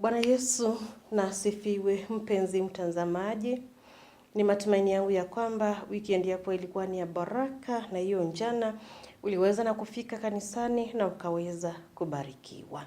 Bwana Yesu na Mpenzi mtazamaji, ni matumaini yangu ya kwamba wikendi yako ilikuwa ni ya baraka, na hiyo njana uliweza na kufika kanisani na ukaweza kubarikiwa.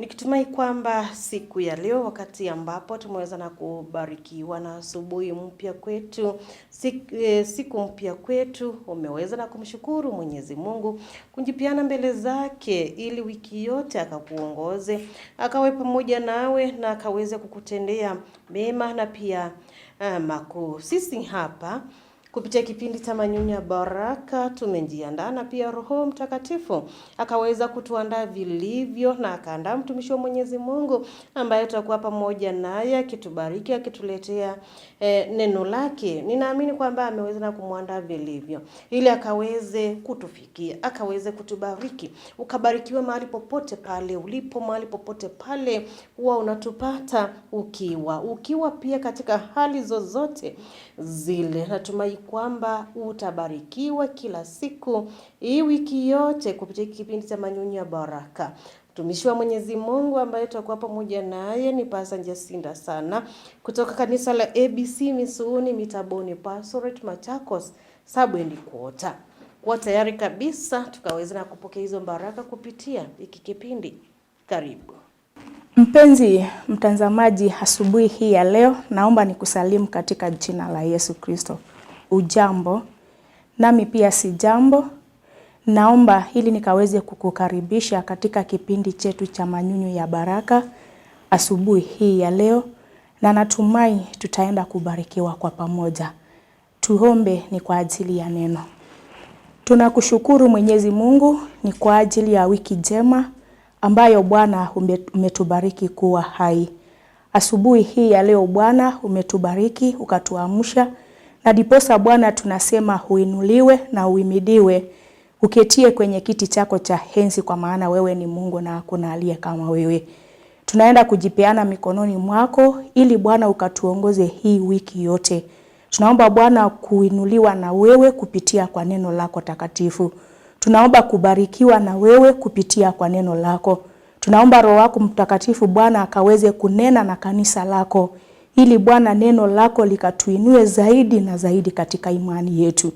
Nikitumai kwamba siku ya leo wakati ambapo tumeweza na kubarikiwa na asubuhi mpya kwetu siku, e, siku mpya kwetu umeweza na kumshukuru Mwenyezi Mungu, kunjipiana mbele zake ili wiki yote akakuongoze, akawe pamoja nawe na akaweze kukutendea mema na pia uh, makuu. Sisi hapa Kupitia kipindi cha Manyunyu ya Baraka tumejiandaa na pia Roho Mtakatifu akaweza kutuandaa vilivyo na akaandaa mtumishi wa Mwenyezi Mungu ambaye tutakuwa pamoja naye akitubariki, akituletea eh, neno lake. Ninaamini kwamba ameweza na kumwandaa vilivyo ili akaweze kutufikia, akaweze kutubariki. Ukabarikiwe mahali popote pale ulipo, mahali popote pale huwa unatupata ukiwa ukiwa, pia katika hali zozote zile, natumai kwamba utabarikiwa kila siku hii wiki yote kupitia kipindi cha Manyunyu ya Baraka. Mtumishi wa Mwenyezi Mungu ambaye tutakuwa pamoja naye ni Pasa Njasinda sana kutoka kanisa la ABC Misuuni Mitaboni Pastorate Machakos Sabwendi Kuota. Kuwa tayari kabisa tukaweza na kupokea hizo baraka kupitia hiki kipindi. Karibu mpenzi mtazamaji, asubuhi hii ya leo naomba nikusalimu katika jina la Yesu Kristo. Ujambo, nami pia si jambo. Naomba ili nikaweze kukukaribisha katika kipindi chetu cha Manyunyu ya Baraka asubuhi hii ya leo, na natumai tutaenda kubarikiwa kwa pamoja. Tuombe. Ni kwa ajili ya neno. Tunakushukuru Mwenyezi Mungu ni kwa ajili ya wiki njema ambayo Bwana umetubariki kuwa hai. Asubuhi hii ya leo Bwana umetubariki ukatuamsha na diposa Bwana tunasema huinuliwe na uhimidiwe, uketie kwenye kiti chako cha enzi, kwa maana wewe ni Mungu na hakuna aliye kama wewe. Tunaenda kujipeana mikononi mwako ili Bwana ukatuongoze hii wiki yote. Tunaomba Bwana kuinuliwa na wewe kupitia kwa neno lako takatifu. Tunaomba kubarikiwa na wewe kupitia kwa neno lako. Tunaomba Roho wako Mtakatifu Bwana akaweze kunena na kanisa lako ili Bwana neno lako likatuinue zaidi na zaidi katika imani yetu.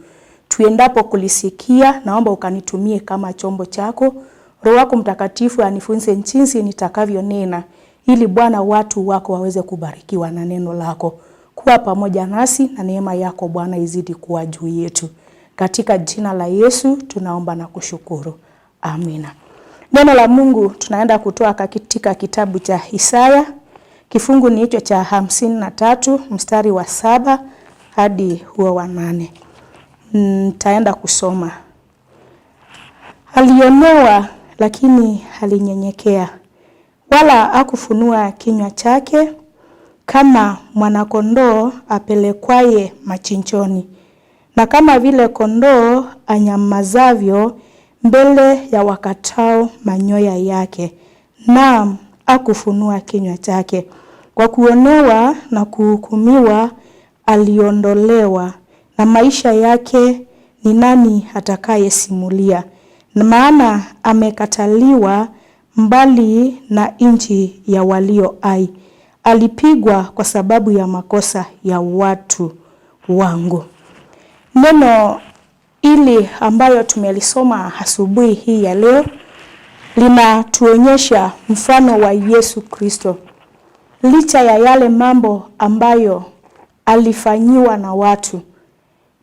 Tuendapo kulisikia, naomba ukanitumie kama chombo chako. Roho wako Mtakatifu anifunze jinsi nitakavyonena, ili Bwana watu wako waweze kubarikiwa na neno lako. Kuwa pamoja nasi na neema yako Bwana izidi kuwa juu yetu. Katika jina la Yesu tunaomba na kushukuru. Amina. Neno la Mungu tunaenda kutoa katika kitabu cha Isaya Kifungu ni hicho cha hamsini na tatu mstari wa saba hadi huo wa nane. Nitaenda kusoma. alionoa lakini alinyenyekea, wala akufunua kinywa chake, kama mwanakondoo apelekwaye machinjoni, na kama vile kondoo anyamazavyo mbele ya wakatao manyoya yake, naam, akufunua kinywa chake. Kwa kuonewa na kuhukumiwa aliondolewa, na maisha yake ni nani atakayesimulia? Na maana amekataliwa mbali na nchi ya walio hai, alipigwa kwa sababu ya makosa ya watu wangu. Neno hili ambayo tumelisoma asubuhi hii ya leo linatuonyesha mfano wa Yesu Kristo licha ya yale mambo ambayo alifanyiwa na watu.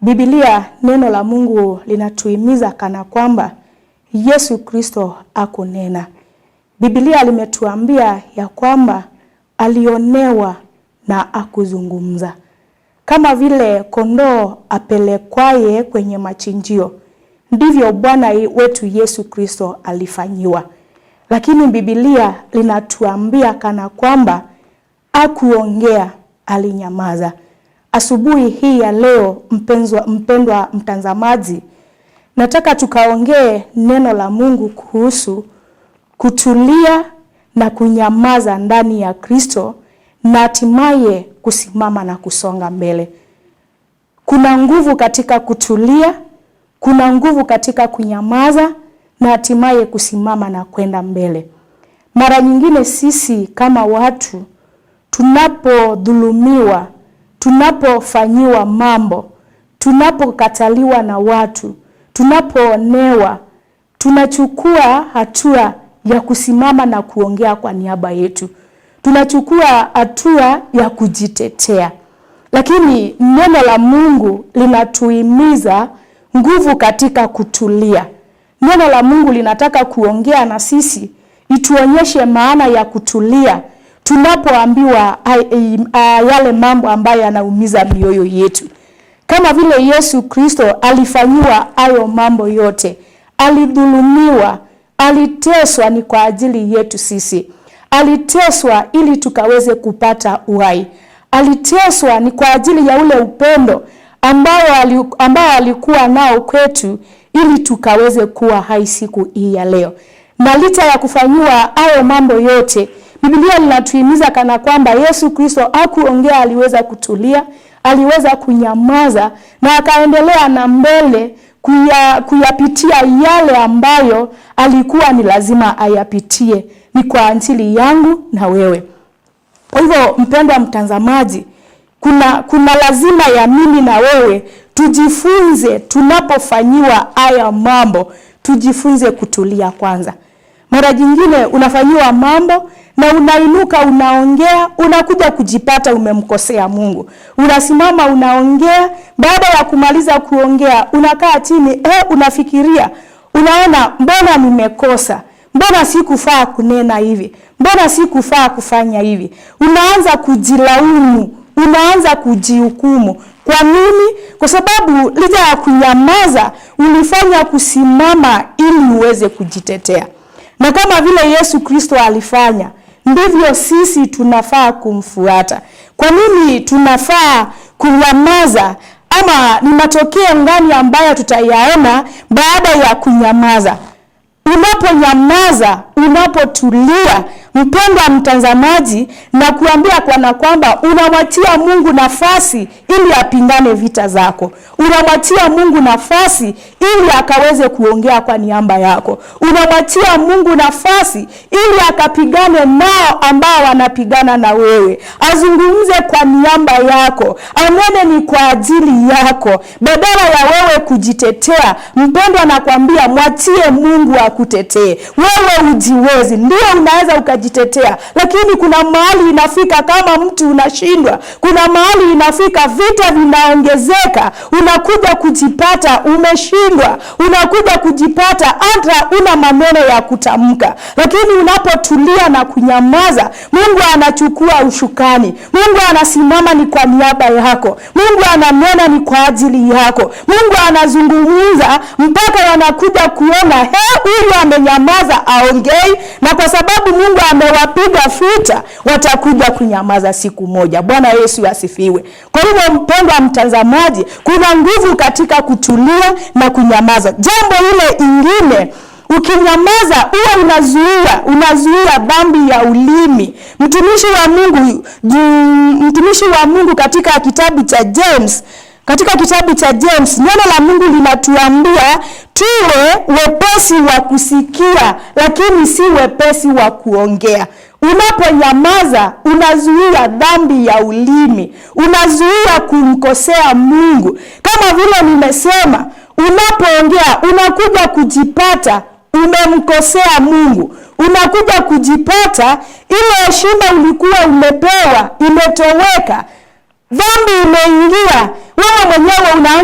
Biblia, neno la Mungu linatuhimiza kana kwamba Yesu Kristo akunena. Biblia limetuambia ya kwamba alionewa na akuzungumza, kama vile kondoo apelekwaye kwenye machinjio, ndivyo Bwana wetu Yesu Kristo alifanyiwa. Lakini Biblia linatuambia kana kwamba Hakuongea, alinyamaza. Asubuhi hii ya leo, mpendwa, mpendwa mtazamaji, nataka tukaongee neno la Mungu kuhusu kutulia na kunyamaza ndani ya Kristo na hatimaye kusimama na kusonga mbele. Kuna nguvu katika kutulia, kuna nguvu katika kunyamaza na hatimaye kusimama na kwenda mbele. Mara nyingine sisi kama watu tunapodhulumiwa, tunapofanyiwa mambo, tunapokataliwa na watu, tunapoonewa, tunachukua hatua ya kusimama na kuongea kwa niaba yetu, tunachukua hatua ya kujitetea. Lakini neno la Mungu linatuhimiza nguvu katika kutulia. Neno la Mungu linataka kuongea na sisi, ituonyeshe maana ya kutulia tunapoambiwa yale mambo ambayo yanaumiza mioyo yetu, kama vile Yesu Kristo alifanyiwa hayo mambo yote, alidhulumiwa, aliteswa, ni kwa ajili yetu sisi. Aliteswa ili tukaweze kupata uhai, aliteswa ni kwa ajili ya ule upendo ambao alikuwa nao kwetu ili tukaweze kuwa hai siku hii ya leo. Na licha ya kufanyiwa hayo mambo yote Biblia linatuhimiza kana kwamba Yesu Kristo hakuongea, aliweza kutulia, aliweza kunyamaza na akaendelea na mbele kuya, kuyapitia yale ambayo alikuwa ni lazima ayapitie, ni kwa ajili yangu na wewe. Kwa hivyo mpendwa mtazamaji, kuna, kuna lazima ya mimi na wewe tujifunze, tunapofanyiwa haya mambo tujifunze kutulia kwanza. Mara jingine unafanyiwa mambo na unainuka, unaongea, unakuja kujipata umemkosea Mungu. Unasimama unaongea, baada ya kumaliza kuongea unakaa chini eh, unafikiria, unaona, mbona nimekosa, mbona sikufaa kunena hivi, mbona sikufaa kufanya hivi. Unaanza kujilaumu, unaanza kujihukumu. Kwa nini? Kwa sababu licha ya kunyamaza, ulifanya kusimama ili uweze kujitetea na kama vile Yesu Kristo alifanya, ndivyo sisi tunafaa kumfuata. Kwa nini tunafaa kunyamaza? Ama ni matokeo gani ambayo tutayaona baada ya kunyamaza? Unaponyamaza, unapotulia mpendwa mtazamaji, na kuambia kana kwamba unamwachia Mungu nafasi ili apindane vita zako, unamwachia Mungu nafasi ili akaweze kuongea kwa niaba yako, unamwachia Mungu nafasi ili akapigane nao ambao wanapigana na wewe, azungumze kwa niaba yako, anene ni kwa ajili yako, badala ya wewe kujitetea. Mpendwa, nakwambia mwachie Mungu akutetee. Wewe ujiwezi, ndio unaweza uka unajitetea, lakini kuna mahali inafika kama mtu unashindwa. Kuna mahali inafika vita vinaongezeka, unakuja kujipata umeshindwa, unakuja kujipata hata una maneno ya kutamka, lakini unapotulia na kunyamaza, Mungu anachukua ushukani. Mungu anasimama ni kwa niaba yako, Mungu ananena ni kwa ajili yako, Mungu anazungumza mpaka wanakuja kuona he, huyu amenyamaza aongei, na kwa sababu Mungu amewapiga futa, watakuja kunyamaza siku moja. Bwana Yesu asifiwe. Kwa hivyo, mpendwa mtazamaji, kuna nguvu katika kutulia na kunyamaza. Jambo ile ingine Ukinyamaza huwa unazuia unazuia dhambi ya ulimi. Mtumishi wa Mungu mtumishi wa Mungu katika kitabu cha James, katika kitabu cha James neno la Mungu linatuambia Tuwe wepesi wa kusikia, lakini si wepesi wa kuongea. Unaponyamaza unazuia dhambi ya ulimi, unazuia kumkosea Mungu. Kama vile nimesema, unapoongea unakuja kujipata umemkosea Mungu, unakuja kujipata ile heshima ulikuwa umepewa imetoweka, dhambi imeingia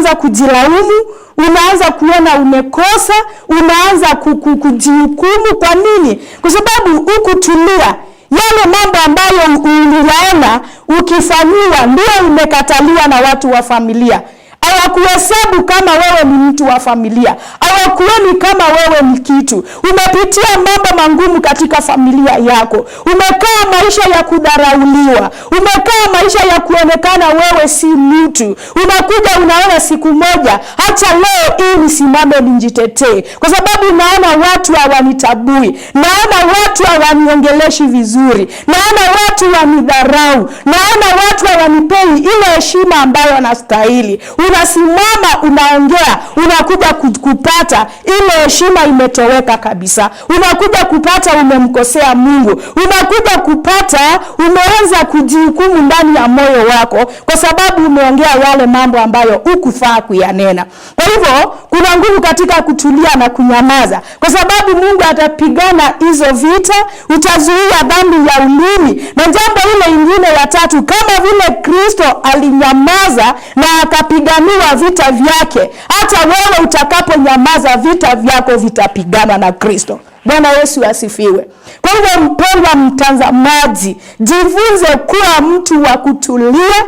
unaanza kujilaumu, unaanza kuona umekosa, unaanza kujihukumu. Kwa nini? Kwa sababu ukutulia yale mambo ambayo uliyaona ukifanyiwa, ndio umekataliwa na watu wa familia hawakuhesabu kama wewe ni mtu wa familia, hawakuoni kama wewe ni kitu. Umepitia mambo magumu katika familia yako, umekaa maisha ya kudharauliwa, umekaa maisha ya kuonekana wewe si mtu. Unakuja unaona, siku moja, hata leo hii nisimame nijitetee, kwa sababu naona watu hawanitabui, naona watu hawaniongeleshi vizuri, naona watu wanidharau, naona watu hawanipei ile heshima ambayo anastahili. Unasimama unaongea, unakuja kukupa kupata ile heshima imetoweka kabisa. Unakuja kupata umemkosea Mungu, unakuja kupata umeanza kujihukumu ndani ya moyo wako, kwa sababu umeongea yale mambo ambayo hukufaa kuyanena. Kwa hivyo kuna nguvu katika kutulia na kunyamaza, kwa sababu Mungu atapigana hizo vita, utazuia dhambi ya ulimi. Na jambo ile ingine ya tatu, kama vile Kristo alinyamaza na akapiganiwa vita vyake, hata wewe utakaponyamaza nyamaza, vita vyako vitapiganwa na Kristo. Bwana Yesu asifiwe. Kwa hivyo, mpendwa mtazamaji, jifunze kuwa mtu wa kutulia,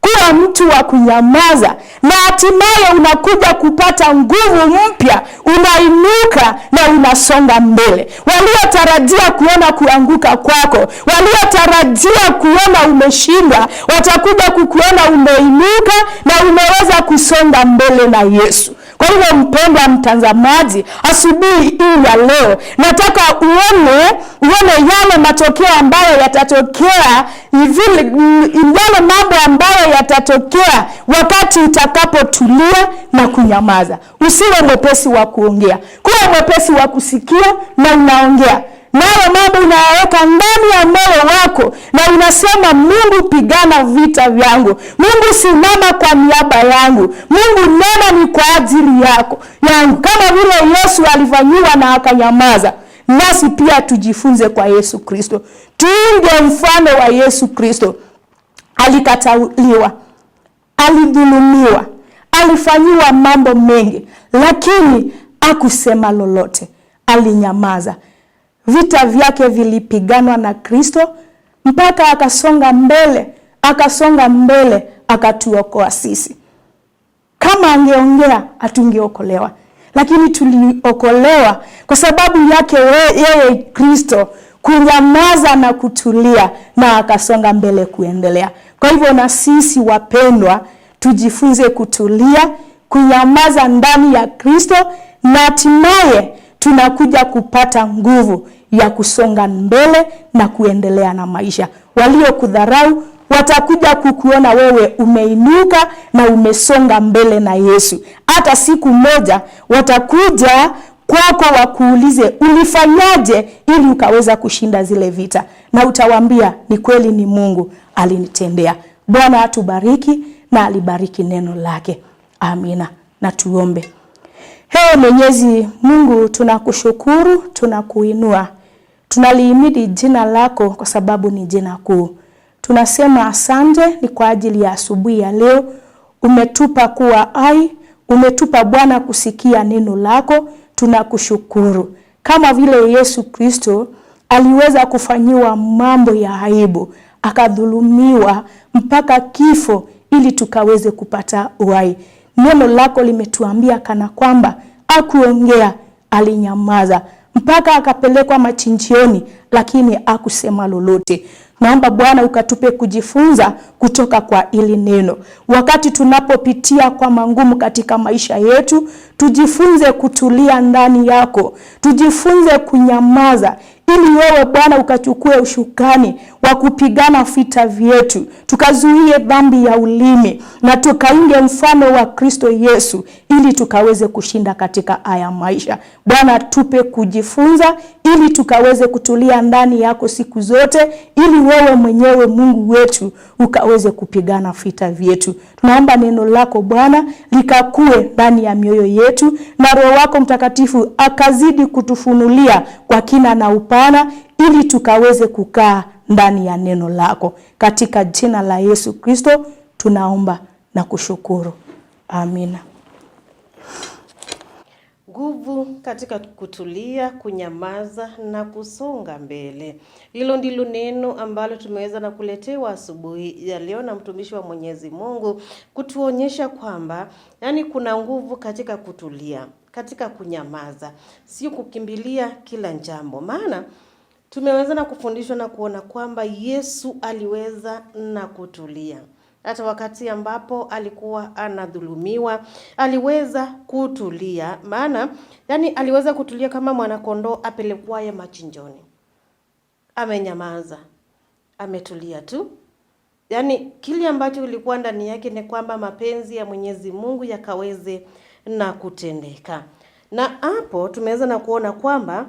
kuwa mtu wa kunyamaza, na hatimaye unakuja kupata nguvu mpya, unainuka na unasonga mbele. Waliotarajia kuona kuanguka kwako, waliotarajia kuona umeshindwa, watakuja kukuona umeinuka na umeweza kusonga mbele na Yesu. Kwa hivyo, mpendwa mtazamaji, asubuhi hii ya leo nataka uone uone yale matokeo ambayo yatatokea vile, yale mambo ambayo yatatokea wakati utakapotulia na kunyamaza. Usiwe mwepesi wa kuongea, kuwa mwepesi wa kusikia na unaongea nayo mambo kutoka ndani ya moyo wako, na unasema Mungu, pigana vita vyangu, Mungu simama kwa niaba yangu, Mungu nena ni kwa ajili yako yangu, kama vile Yesu alifanyiwa na akanyamaza. Nasi pia tujifunze kwa Yesu Kristo, tuinge mfano wa Yesu Kristo. Alikataliwa, alidhulumiwa, alifanyiwa mambo mengi, lakini akusema lolote, alinyamaza. Vita vyake vilipiganwa na Kristo mpaka akasonga mbele, akasonga mbele, akatuokoa sisi. Kama angeongea hatungeokolewa, lakini tuliokolewa kwa sababu yake yeye Kristo kunyamaza na kutulia na akasonga mbele kuendelea. Kwa hivyo, na sisi wapendwa, tujifunze kutulia, kunyamaza ndani ya Kristo na hatimaye tunakuja kupata nguvu ya kusonga mbele na kuendelea na maisha. Waliokudharau watakuja kukuona wewe umeinuka na umesonga mbele na Yesu. Hata siku moja watakuja kwako wakuulize ulifanyaje ili ukaweza kushinda zile vita, na utawambia ni kweli, ni Mungu alinitendea. Bwana atubariki na alibariki neno lake. Amina. Na tuombe. Ee Mwenyezi Mungu, tunakushukuru, tunakuinua tunalihimidi jina lako kwa sababu ni jina kuu. Tunasema asante ni kwa ajili ya asubuhi ya leo, umetupa kuwa hai, umetupa Bwana kusikia neno lako. Tunakushukuru kama vile Yesu Kristo aliweza kufanyiwa mambo ya aibu, akadhulumiwa mpaka kifo, ili tukaweze kupata uhai. Neno lako limetuambia kana kwamba akuongea, alinyamaza mpaka akapelekwa machinjioni, lakini akusema lolote. Naomba Bwana ukatupe kujifunza kutoka kwa ili neno. Wakati tunapopitia kwa mangumu katika maisha yetu, tujifunze kutulia ndani yako, tujifunze kunyamaza ili wewe Bwana ukachukue ushukani wa kupigana vita vyetu, tukazuie dhambi ya ulimi na tukainge mfano wa Kristo Yesu, ili tukaweze kushinda katika haya maisha. Bwana, tupe kujifunza ili tukaweze kutulia ndani yako siku zote, ili wewe mwenyewe Mungu wetu ukaweze kupigana vita vyetu. Tunaomba neno lako Bwana likakue ndani ya mioyo yetu, na Roho wako Mtakatifu akazidi kutufunulia kwa kina na upana, ili tukaweze kukaa ndani ya neno lako, katika jina la Yesu Kristo tunaomba na kushukuru, amina nguvu katika kutulia, kunyamaza na kusonga mbele. Hilo ndilo neno ambalo tumeweza na kuletewa asubuhi ya leo na mtumishi wa Mwenyezi Mungu kutuonyesha kwamba yani kuna nguvu katika kutulia, katika kunyamaza, sio kukimbilia kila jambo. Maana tumeweza na kufundishwa na kuona kwamba Yesu aliweza na kutulia hata wakati ambapo alikuwa anadhulumiwa, aliweza kutulia. Maana yani aliweza kutulia kama mwanakondoo apelekwaye machinjoni. Amenyamaza, ametulia tu. yani kile ambacho ilikuwa ndani yake ni kwamba mapenzi ya Mwenyezi Mungu yakaweze na kutendeka. Na hapo tumeweza na kuona kwamba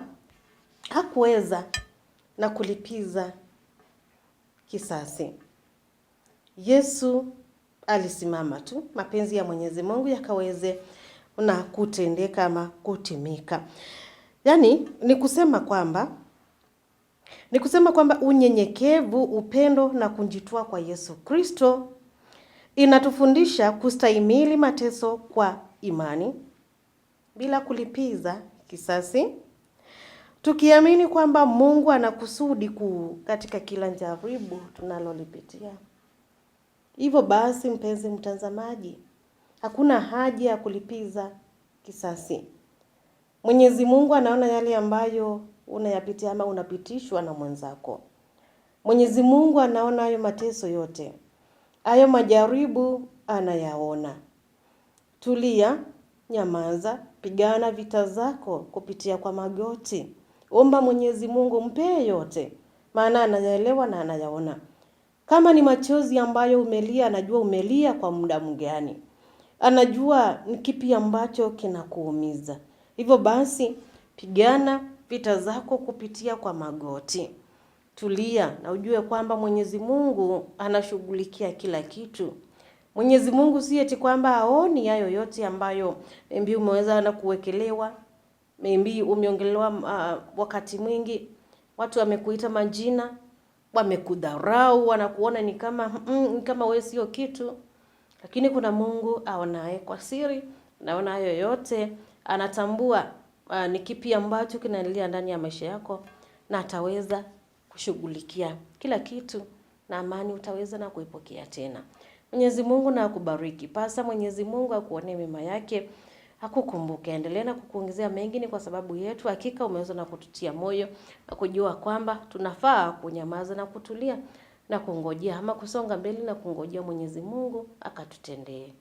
hakuweza na kulipiza kisasi. Yesu alisimama tu, mapenzi ya Mwenyezi Mungu yakaweze na kutendeka ama kutimika. Yaani ni kusema kwamba ni kusema kwamba unyenyekevu, upendo na kujitoa kwa Yesu Kristo inatufundisha kustahimili mateso kwa imani bila kulipiza kisasi, tukiamini kwamba Mungu anakusudi kuu katika kila jaribu tunalolipitia. Hivyo basi, mpenzi mtazamaji, hakuna haja ya kulipiza kisasi. Mwenyezi Mungu anaona yale ambayo unayapitia ama unapitishwa na mwenzako. Mwenyezi Mungu anaona hayo mateso yote, hayo majaribu anayaona. Tulia, nyamaza, pigana vita zako kupitia kwa magoti, omba Mwenyezi Mungu, mpee yote, maana anayaelewa na anayaona. Kama ni machozi ambayo umelia, anajua umelia kwa muda mgani, anajua ni kipi ambacho kinakuumiza. Hivyo basi, pigana vita zako kupitia kwa magoti, tulia na ujue kwamba Mwenyezi Mungu anashughulikia kila kitu. Mwenyezi Mungu si eti kwamba aoni hayo yote ambayo mbi umeweza na kuwekelewa, mbi umeongelewa uh, ah, wakati mwingi watu wamekuita majina wamekudharau, wanakuona ni kama mm, kama wewe sio kitu, lakini kuna Mungu aonaye kwa siri, anaona yoyote, anatambua uh, ni kipi ambacho kinaendelea ndani ya maisha yako, na ataweza kushughulikia kila kitu, na amani utaweza na kuipokea tena. Mwenyezi Mungu na akubariki. Pasa Mwenyezi Mungu akuonee mema yake akukumbuke. Endelea na kukuongezea mengine kwa sababu yetu. Hakika umeweza na kututia moyo na kujua kwamba tunafaa kunyamaza na kutulia na kungojea ama kusonga mbele na kungojea Mwenyezi Mungu akatutendee.